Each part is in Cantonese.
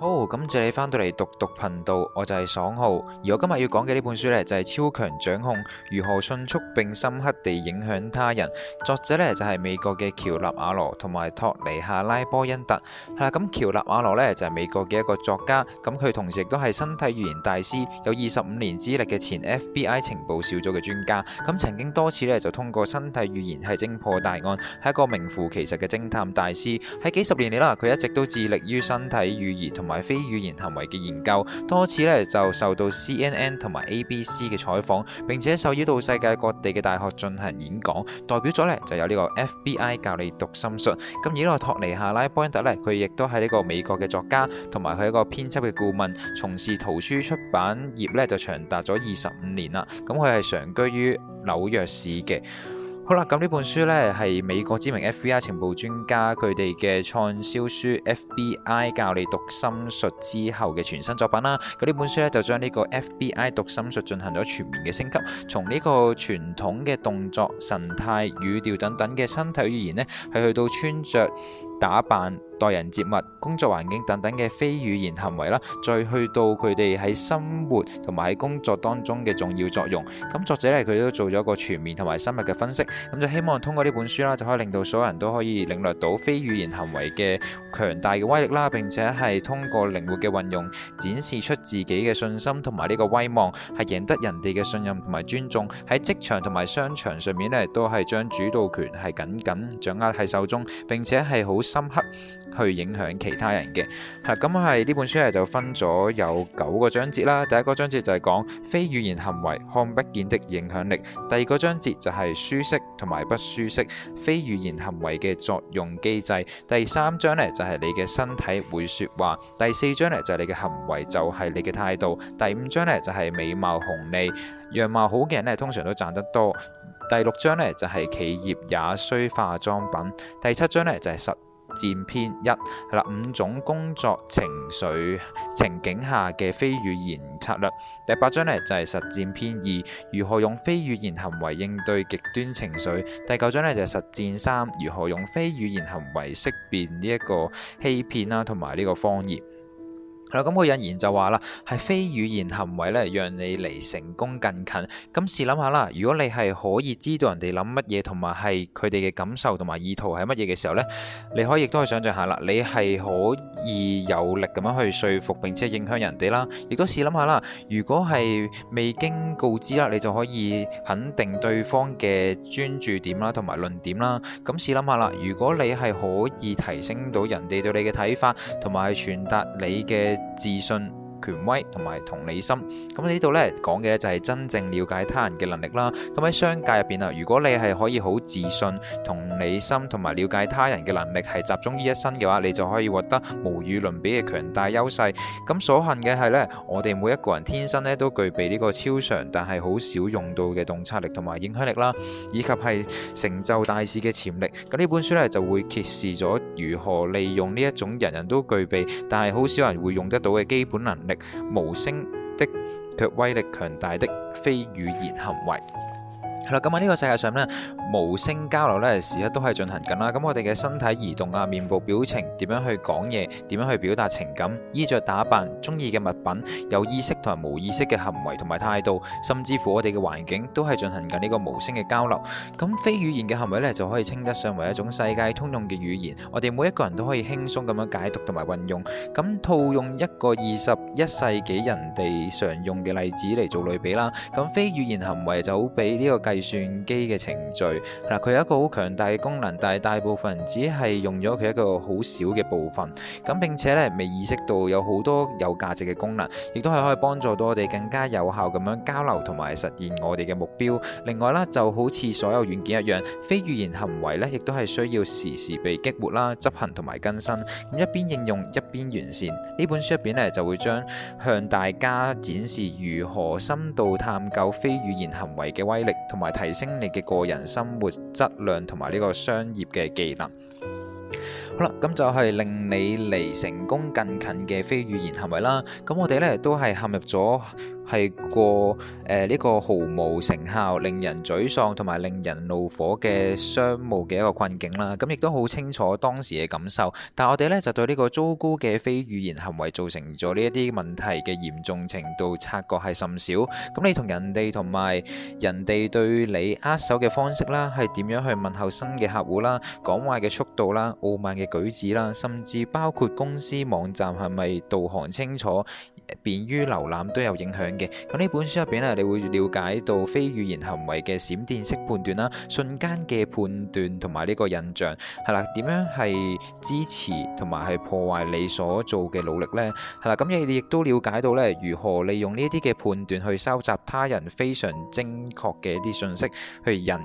好，感謝你翻到嚟讀讀頻道，我就係爽浩，而我今日要講嘅呢本書呢，就係、是《超強掌控：如何迅速並深刻地影響他人》，作者呢，就係、是、美國嘅喬納瓦羅同埋托尼夏拉波恩特。係啦，咁、嗯、喬納瓦羅呢，就係、是、美國嘅一個作家，咁佢同時亦都係身體語言大師，有二十五年資歷嘅前 FBI 情報小組嘅專家，咁曾經多次呢，就通過身體語言係偵破大案，係一個名副其實嘅偵探大師。喺幾十年嚟啦，佢一直都致力於身體語言同。同埋非語言行為嘅研究，多次咧就受到 CNN 同埋 ABC 嘅採訪，並且受邀到世界各地嘅大學進行演講。代表咗咧就有呢個 FBI 教你讀心術。咁而呢個托尼夏拉邦特咧，佢亦都係呢個美國嘅作家，同埋佢一個編輯嘅顧問，從事圖書出版業咧就長達咗二十五年啦。咁佢係常居於紐約市嘅。好啦，咁呢本書呢係美國知名 FBI 情報專家佢哋嘅暢銷書《FBI 教你讀心術》之後嘅全新作品啦。咁呢本書呢，就將呢個 FBI 讀心術進行咗全面嘅升級，從呢個傳統嘅動作、神態、語調等等嘅身體語言呢，係去到穿着、打扮、待人接物、工作環境等等嘅非語言行為啦，再去到佢哋喺生活同埋喺工作當中嘅重要作用。咁作者咧，佢都做咗個全面同埋深入嘅分析。咁就希望通過呢本書啦，就可以令到所有人都可以領略到非語言行為嘅強大嘅威力啦。並且係通過靈活嘅運用，展示出自己嘅信心同埋呢個威望，係贏得人哋嘅信任同埋尊重。喺職場同埋商場上面咧，都係將主導權係緊緊掌握喺手中，並且係好深刻去影響其他人嘅，哈，咁係呢本書係就分咗有九個章節啦。第一個章節就係講非語言行為看不見的影響力，第二個章節就係舒適同埋不舒適非語言行為嘅作用機制。第三章呢就係你嘅身體會說話，第四章呢就係你嘅行為就係你嘅態度，第五章呢就係美貌紅利，樣貌好嘅人呢通常都賺得多。第六章呢就係企業也需化妝品，第七章呢就係實戰篇一係啦，五種工作情緒情景下嘅非語言策略。第八章呢，就係實戰篇二，如何用非語言行為應對極端情緒。第九章呢，就係實戰三，如何用非語言行為識別呢一個欺騙啦，同埋呢個謊言。係、嗯、啦，咁個引言就話啦，係非語言行為咧，讓你離成功更近、近。咁試諗下啦，如果你係可以知道人哋諗乜嘢，同埋係佢哋嘅感受同埋意圖係乜嘢嘅時候呢，你可以都可以想像下啦，你係可以有力咁樣去說服並且影響人哋啦。亦都試諗下啦，如果係未經告知啦，你就可以肯定對方嘅專注點啦，同埋論點啦。咁試諗下啦，如果你係可以提升到人哋對你嘅睇法，同埋傳達你嘅。自信。權威同埋同理心，咁呢度咧講嘅咧就係真正了解他人嘅能力啦。咁喺商界入邊啊，如果你係可以好自信，同理心同埋了解他人嘅能力係集中於一身嘅話，你就可以獲得無與倫比嘅強大優勢。咁所幸嘅係呢，我哋每一個人天生咧都具備呢個超常但係好少用到嘅洞察力同埋影響力啦，以及係成就大事嘅潛力。咁呢本書咧就會揭示咗如何利用呢一種人人都具備但係好少人會用得到嘅基本能力。無聲的，卻威力強大的非語言行為，係啦。咁喺呢個世界上咧。無聲交流咧，時刻都係進行緊啦。咁我哋嘅身體移動啊、面部表情、點樣去講嘢、點樣去表達情感、衣着打扮、中意嘅物品、有意識同埋無意識嘅行為同埋態度，甚至乎我哋嘅環境都係進行緊呢個無聲嘅交流。咁非語言嘅行為咧，就可以稱得上為一種世界通用嘅語言。我哋每一個人都可以輕鬆咁樣解讀同埋運用。咁套用一個二十一世紀人哋常用嘅例子嚟做類比啦。咁非語言行為就好比呢個計算機嘅程序。嗱，佢有一個好強大嘅功能，但係大部分只係用咗佢一個好少嘅部分，咁並且咧未意識到有好多有價值嘅功能，亦都係可以幫助到我哋更加有效咁樣交流同埋實現我哋嘅目標。另外啦，就好似所有軟件一樣，非語言行為咧，亦都係需要時時被激活啦、執行同埋更新。咁一邊應用一邊完善，呢本書入邊咧就會將向大家展示如何深度探究非語言行為嘅威力，同埋提升你嘅個人心生活質量同埋呢個商業嘅技能好了，好啦，咁就係令你離成功更近嘅非語言行為啦。咁我哋咧都係陷入咗。係過誒呢個毫無成效、令人沮喪同埋令人怒火嘅商務嘅一個困境啦。咁亦都好清楚當時嘅感受，但係我哋咧就對呢個糟糕嘅非語言行為造成咗呢一啲問題嘅嚴重程度察覺係甚少。咁你同人哋同埋人哋對你握手嘅方式啦，係點樣去問候新嘅客戶啦、講話嘅速度啦、傲慢嘅舉止啦，甚至包括公司網站係咪導航清楚、便於瀏覽都有影響。咁呢本書入邊咧，你會了解到非語言行為嘅閃電式判斷啦，瞬間嘅判斷同埋呢個印象係啦，點樣係支持同埋係破壞你所做嘅努力呢？係啦，咁你亦都了解到呢，如何利用呢啲嘅判斷去收集他人非常精確嘅一啲信息，去人。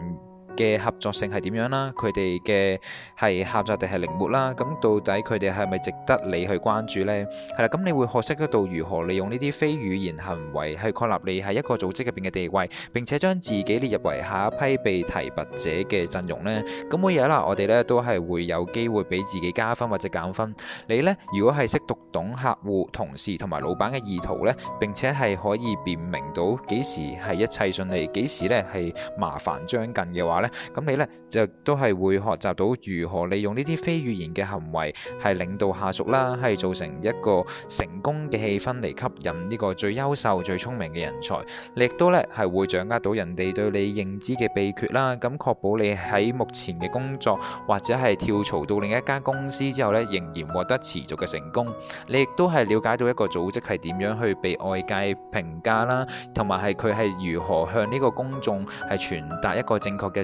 嘅合作性係點樣啦？佢哋嘅係狹窄定係靈活啦？咁到底佢哋係咪值得你去關注咧？係啦，咁你會學識得到如何利用呢啲非語言行為去確立你喺一個組織入邊嘅地位，並且將自己列入為下一批被提拔者嘅陣容咧。咁每日啦，啊，我哋咧都係會有機會俾自己加分或者減分。你咧如果係識讀懂客戶、同事同埋老闆嘅意圖咧，並且係可以辨明到幾時係一切順利，幾時咧係麻煩將近嘅話。咁你咧就都係會學習到如何利用呢啲非語言嘅行為，係領導下屬啦，係造成一個成功嘅氣氛嚟吸引呢個最優秀、最聰明嘅人才。你亦都咧係會掌握到人哋對你認知嘅秘訣啦，咁確保你喺目前嘅工作，或者係跳槽到另一間公司之後咧，仍然獲得持續嘅成功。你亦都係了解到一個組織係點樣去被外界評價啦，同埋係佢係如何向呢個公眾係傳達一個正確嘅。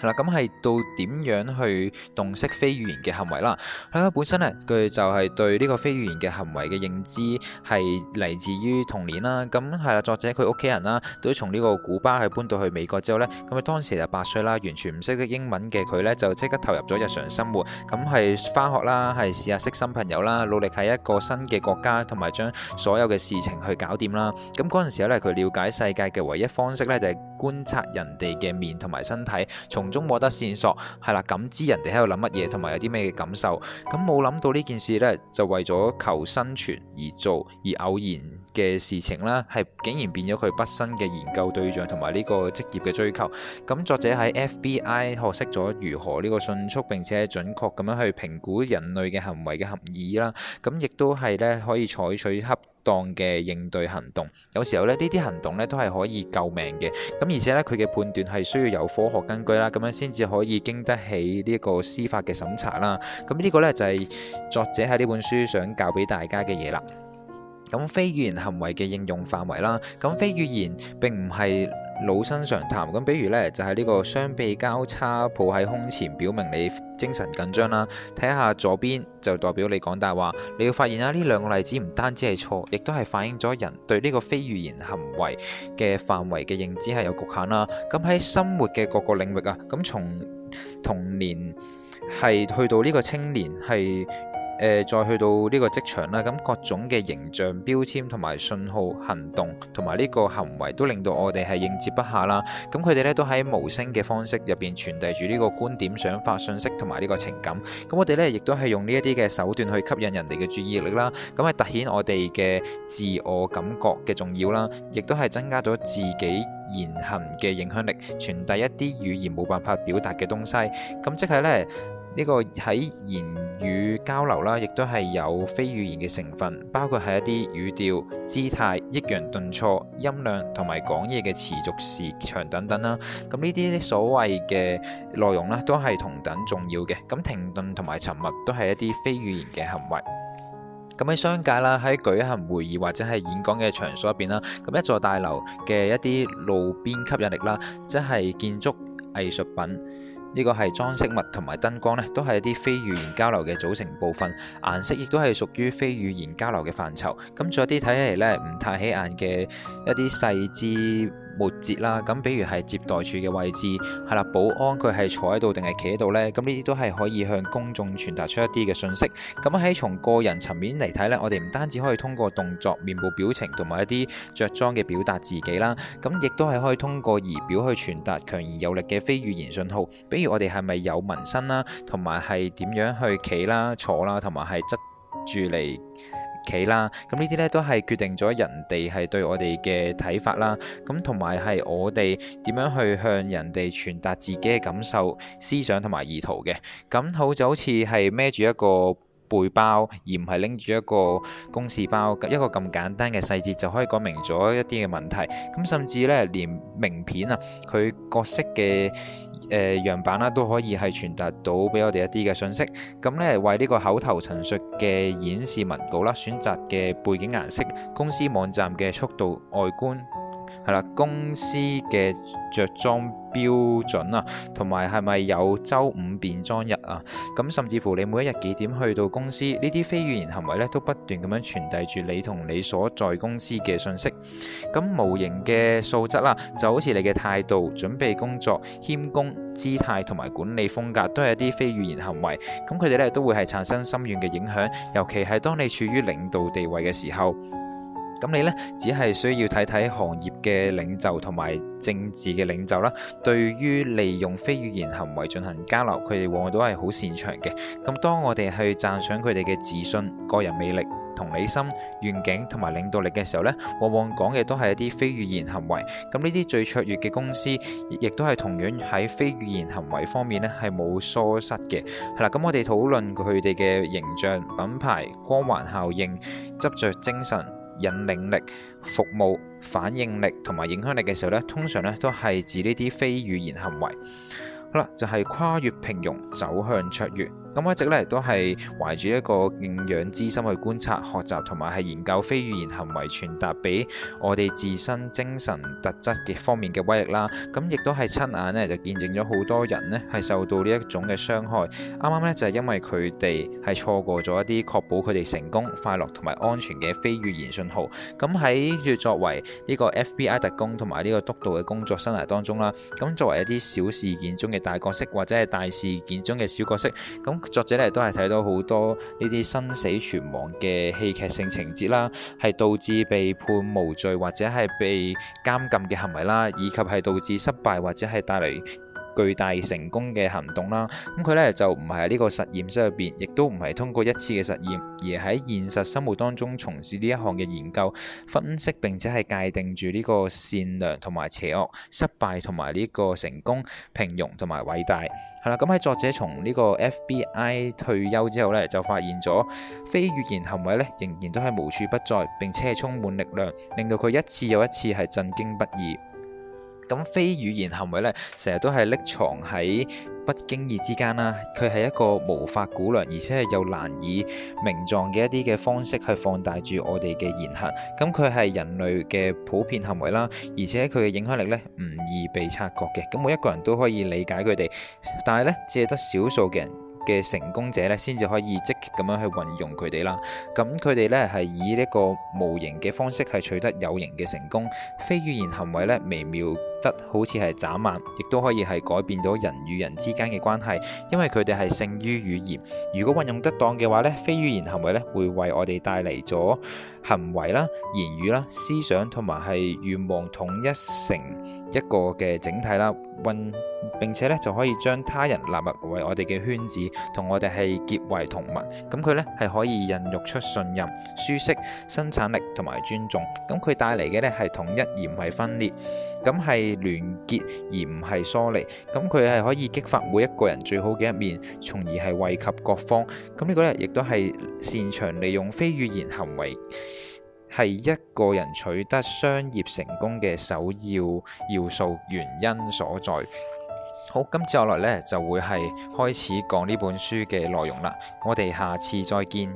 係啦，咁係到點樣去洞悉非語言嘅行為啦？佢本身咧，佢就係對呢個非語言嘅行為嘅認知係嚟自於童年啦。咁係啦，作者佢屋企人啦，都從呢個古巴去搬到去美國之後咧，咁佢當時就八歲啦，完全唔識得英文嘅佢咧，就即刻投入咗日常生活。咁係翻學啦，係試下識新朋友啦，努力喺一個新嘅國家，同埋將所有嘅事情去搞掂啦。咁嗰陣時候咧，佢瞭解世界嘅唯一方式咧，就係觀察人哋嘅面同埋身體。從中獲得線索，係啦，感知人哋喺度諗乜嘢，同埋有啲咩嘅感受。咁冇諗到呢件事呢，就為咗求生存而做而偶然嘅事情啦，係竟然變咗佢畢生嘅研究對象，同埋呢個職業嘅追求。咁作者喺 FBI 學識咗如何呢個迅速並且準確咁樣去評估人類嘅行為嘅含義啦。咁亦都係呢，可以採取恰。當嘅應對行動，有時候咧呢啲行動咧都係可以救命嘅，咁而且咧佢嘅判斷係需要有科學根據啦，咁樣先至可以經得起呢個司法嘅審查啦。咁呢個咧就係作者喺呢本書想教俾大家嘅嘢啦。咁非語言行為嘅應用範圍啦，咁非語言並唔係。老生常談，咁比如呢，就係呢個雙臂交叉抱喺胸前，表明你精神緊張啦。睇下左邊就代表你講大話。你要發現啦，呢兩個例子唔單止係錯，亦都係反映咗人對呢個非語言行為嘅範圍嘅認知係有局限啦。咁喺生活嘅各個領域啊，咁從童年係去到呢個青年係。誒、呃，再去到呢個職場啦，咁各種嘅形象標籤同埋信號行動，同埋呢個行為，都令到我哋係應接不下啦。咁佢哋咧都喺無聲嘅方式入邊傳遞住呢個觀點、想法、信息同埋呢個情感。咁我哋咧亦都係用呢一啲嘅手段去吸引人哋嘅注意力啦。咁係凸顯我哋嘅自我感覺嘅重要啦，亦都係增加咗自己言行嘅影響力，傳遞一啲語言冇辦法表達嘅東西。咁即係咧。呢、這個喺言語交流啦，亦都係有非語言嘅成分，包括係一啲語調、姿態、抑揚頓挫、音量同埋講嘢嘅持續時長等等啦。咁呢啲所謂嘅內容咧，都係同等重要嘅。咁停頓同埋沉默都係一啲非語言嘅行為。咁喺商界啦，喺舉行會議或者係演講嘅場所入邊啦，咁一座大樓嘅一啲路邊吸引力啦，即係建築藝術品。呢個係裝飾物同埋燈光呢，都係一啲非語言交流嘅組成部分。顏色亦都係屬於非語言交流嘅範疇。咁仲有啲睇起嚟呢唔太起眼嘅一啲細緻末節啦，咁比如係接待處嘅位置係啦，保安佢係坐喺度定係企喺度呢？咁呢啲都係可以向公眾傳達出一啲嘅信息。咁喺從個人層面嚟睇呢，我哋唔單止可以通過動作、面部表情同埋一啲着裝嘅表達自己啦，咁亦都係可以通過儀表去傳達強而有力嘅非語言信號，比如我哋係咪有紋身啦，同埋係點樣去企啦、坐啦，同埋係側住嚟企啦，咁呢啲咧都係決定咗人哋係對我哋嘅睇法啦，咁同埋係我哋點樣去向人哋傳達自己嘅感受、思想同埋意圖嘅，咁好就好似係孭住一個。背包而唔係拎住一個公事包，一個咁簡單嘅細節就可以講明咗一啲嘅問題。咁甚至呢，連名片啊，佢角色嘅誒樣板啦，都可以係傳達到俾我哋一啲嘅信息。咁呢，為呢個口頭陳述嘅演示文稿啦，選擇嘅背景顏色、公司網站嘅速度、外觀。係啦，公司嘅着裝標準啊，同埋係咪有週五變裝日啊？咁甚至乎你每一日幾點去到公司，呢啲非語言行為咧，都不斷咁樣傳遞住你同你所在公司嘅信息。咁無形嘅素質啦，就好似你嘅態度、準備工作、謙恭姿態同埋管理風格，都係一啲非語言行為。咁佢哋咧都會係產生深遠嘅影響，尤其係當你處於領導地位嘅時候。咁你咧，只係需要睇睇行業嘅領袖同埋政治嘅領袖啦。對於利用非語言行為進行交流，佢哋往往都係好擅長嘅。咁當我哋去讚賞佢哋嘅自信、個人魅力、同理心、願景同埋領導力嘅時候咧，往往講嘅都係一啲非語言行為。咁呢啲最卓越嘅公司，亦都係同樣喺非語言行為方面咧係冇疏失嘅。係啦，咁我哋討論佢哋嘅形象、品牌、光環效應、執著精神。引領力、服務、反應力同埋影響力嘅時候咧，通常咧都係指呢啲非語言行為。好啦，就係跨越平庸，走向卓越。咁一直咧都係懷住一個敬仰之心去觀察、學習同埋係研究非語言行為傳達俾我哋自身精神特質嘅方面嘅威力啦。咁亦都係親眼咧就見證咗好多人咧係受到呢一種嘅傷害。啱啱咧就係、是、因為佢哋係錯過咗一啲確保佢哋成功、快樂同埋安全嘅非語言信號。咁喺要作為呢個 FBI 特工同埋呢個督導嘅工作生涯當中啦，咁作為一啲小事件中嘅大角色或者係大事件中嘅小角色，咁。作者嚟都係睇到好多呢啲生死存亡嘅戲劇性情節啦，係導致被判無罪，或者係被監禁嘅行為啦，以及係導致失敗，或者係帶嚟，巨大成功嘅行動啦，咁佢咧就唔係喺呢個實驗室入邊，亦都唔係通過一次嘅實驗，而喺現實生活當中從事呢一項嘅研究分析，並且係界定住呢個善良同埋邪惡、失敗同埋呢個成功、平庸同埋偉大，係啦。咁喺作者從呢個 FBI 退休之後咧，就發現咗非語言行為咧仍然都係無處不在，並且係充滿力量，令到佢一次又一次係震驚不已。咁非語言行為咧，成日都係匿藏喺不經意之間啦。佢係一個無法估量，而且係又難以名狀嘅一啲嘅方式，去放大住我哋嘅言行。咁佢係人類嘅普遍行為啦，而且佢嘅影響力咧，唔易被察覺嘅。咁每一個人都可以理解佢哋，但係咧，只係得少數嘅人嘅成功者咧，先至可以積極咁樣去運用佢哋啦。咁佢哋咧，係以呢個無形嘅方式係取得有形嘅成功。非語言行為咧，微妙得好似係眨眼，亦都可以係改變咗人與人之間嘅關係。因為佢哋係勝於語言。如果運用得當嘅話咧，非語言行為咧會為我哋帶嚟咗行為啦、言語啦、思想同埋係願望統一性。一個嘅整體啦，運並且咧就可以將他人納入為我哋嘅圈子，同我哋係結為同盟。咁佢咧係可以孕育出信任、舒適、生產力同埋尊重。咁佢帶嚟嘅咧係統一，而唔係分裂。咁係聯結而唔係疏離。咁佢係可以激發每一個人最好嘅一面，從而係惠及各方。咁呢個咧亦都係擅長利用非語言行為係一個人取得商業成功嘅首要要素，原因所在。好，咁接落嚟呢，就會係開始講呢本書嘅內容啦。我哋下次再見。